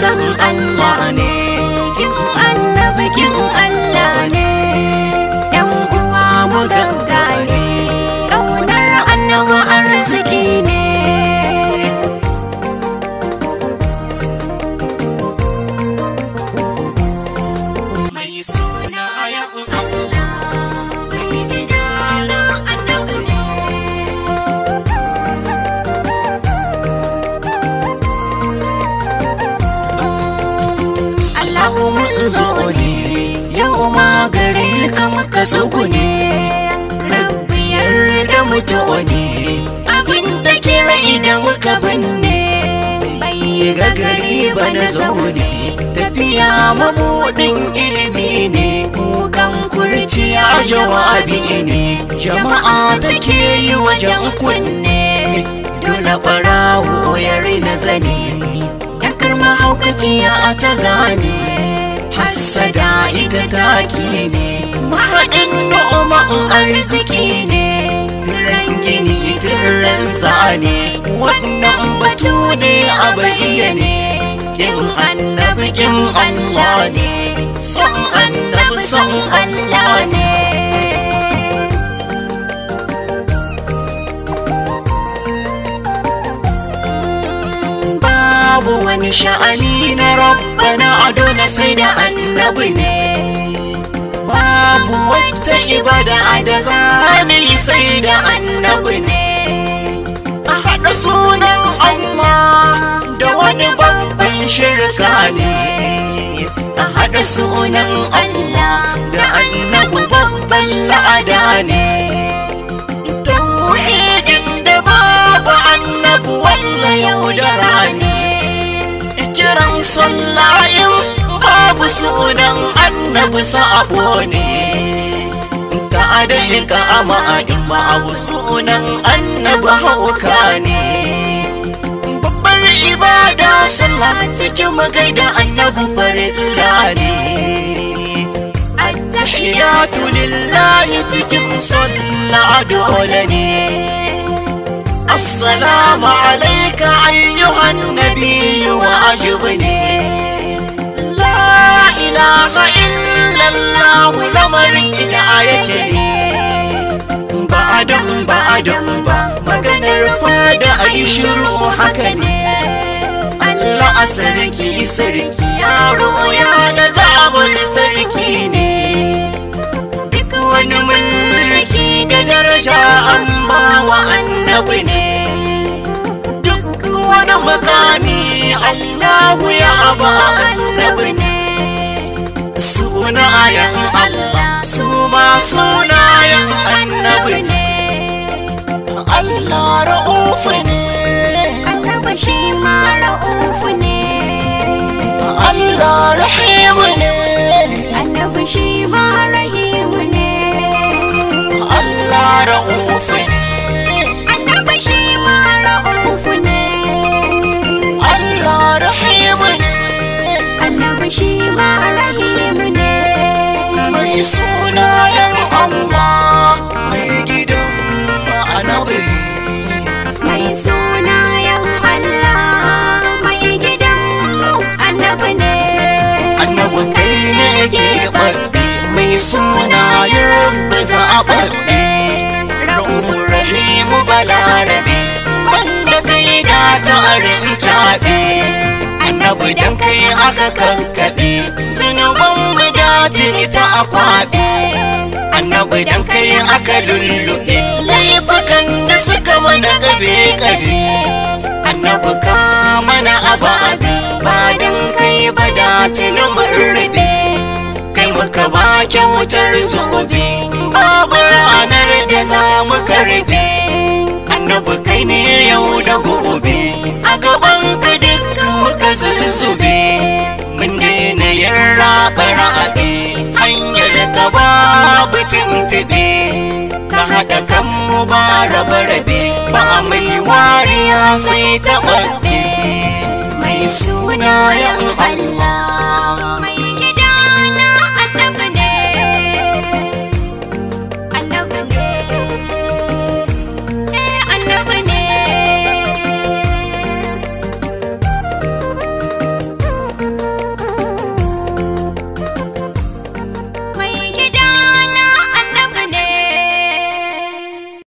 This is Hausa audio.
san Allah ne wani abin da ke rai muka binne bai ga gari ba na zaune tafiya mabuɗin ilimi ne kukan kurciya jawabi ne jama'a take yi wajen kunne dole ɓarawo ya na zane yakar mahaukaciya a ta gane hassada ita taki ne mahaɗin no'oma'un arziki ne ne wannan batu ne a bayyane kin annabi kin Allah ne san annabi san Allah ne babu wani sha'ani na rabbana adona sai da annabi ne babu wata ibada da za mu yi sai da annabi ne sunan Allah da wani babban shirka ne a haɗa sunan Allah da annabu babban la'ada ne tauhidin da babu annabu walla yau da rani kiran sallayin babu sunan annabu sa'abo ne a da ka'ama a a wasu sunan annabi hauka ne babbar ibada sallah cikin magaida annabi illa ne attahiyatu lillahi cikin sallah dole ne assalamu alaika ayyuhan nabiyyu wa ajibni la ilaha illallah lamarin ina yake ba adam ba maganar fada a yi shiru haka ne Allah a sarki sarki yaro ya ga gabar sarki ne duk wani mulki da daraja an ba wa annabi ne duk wani makami Allahu ya ba annabi ne ayan Allah su ma sunayen annabi ne Allah ra'ufu ne Annabi shi ma ra'ufu ne Allah rahimu ne Annabi shi ma rahimu ne Allah ra'ufu sunayen bisa abuɗe Ra'ubu Rahimu Balarabe Wanda kai da ta arin caɓe Annabi dan kai aka kankaɓe Zunuban mu da ta akwaɓe Annabi dan kai aka lullube Laifukan da suka mana gabe gabe Annabi ka mana ababe Ba dan kai ba da tunamin gaba kyautar zubi babu ranar da za mu karbe annabi kai ne yau da gobe a gaban ka duk muka zuzube mun daina yin raɓe raɓe hanyar ka babu tuntube ka haɗa kan mu ba rabe rabe ba mai wariya sai ta mai suna yan Allah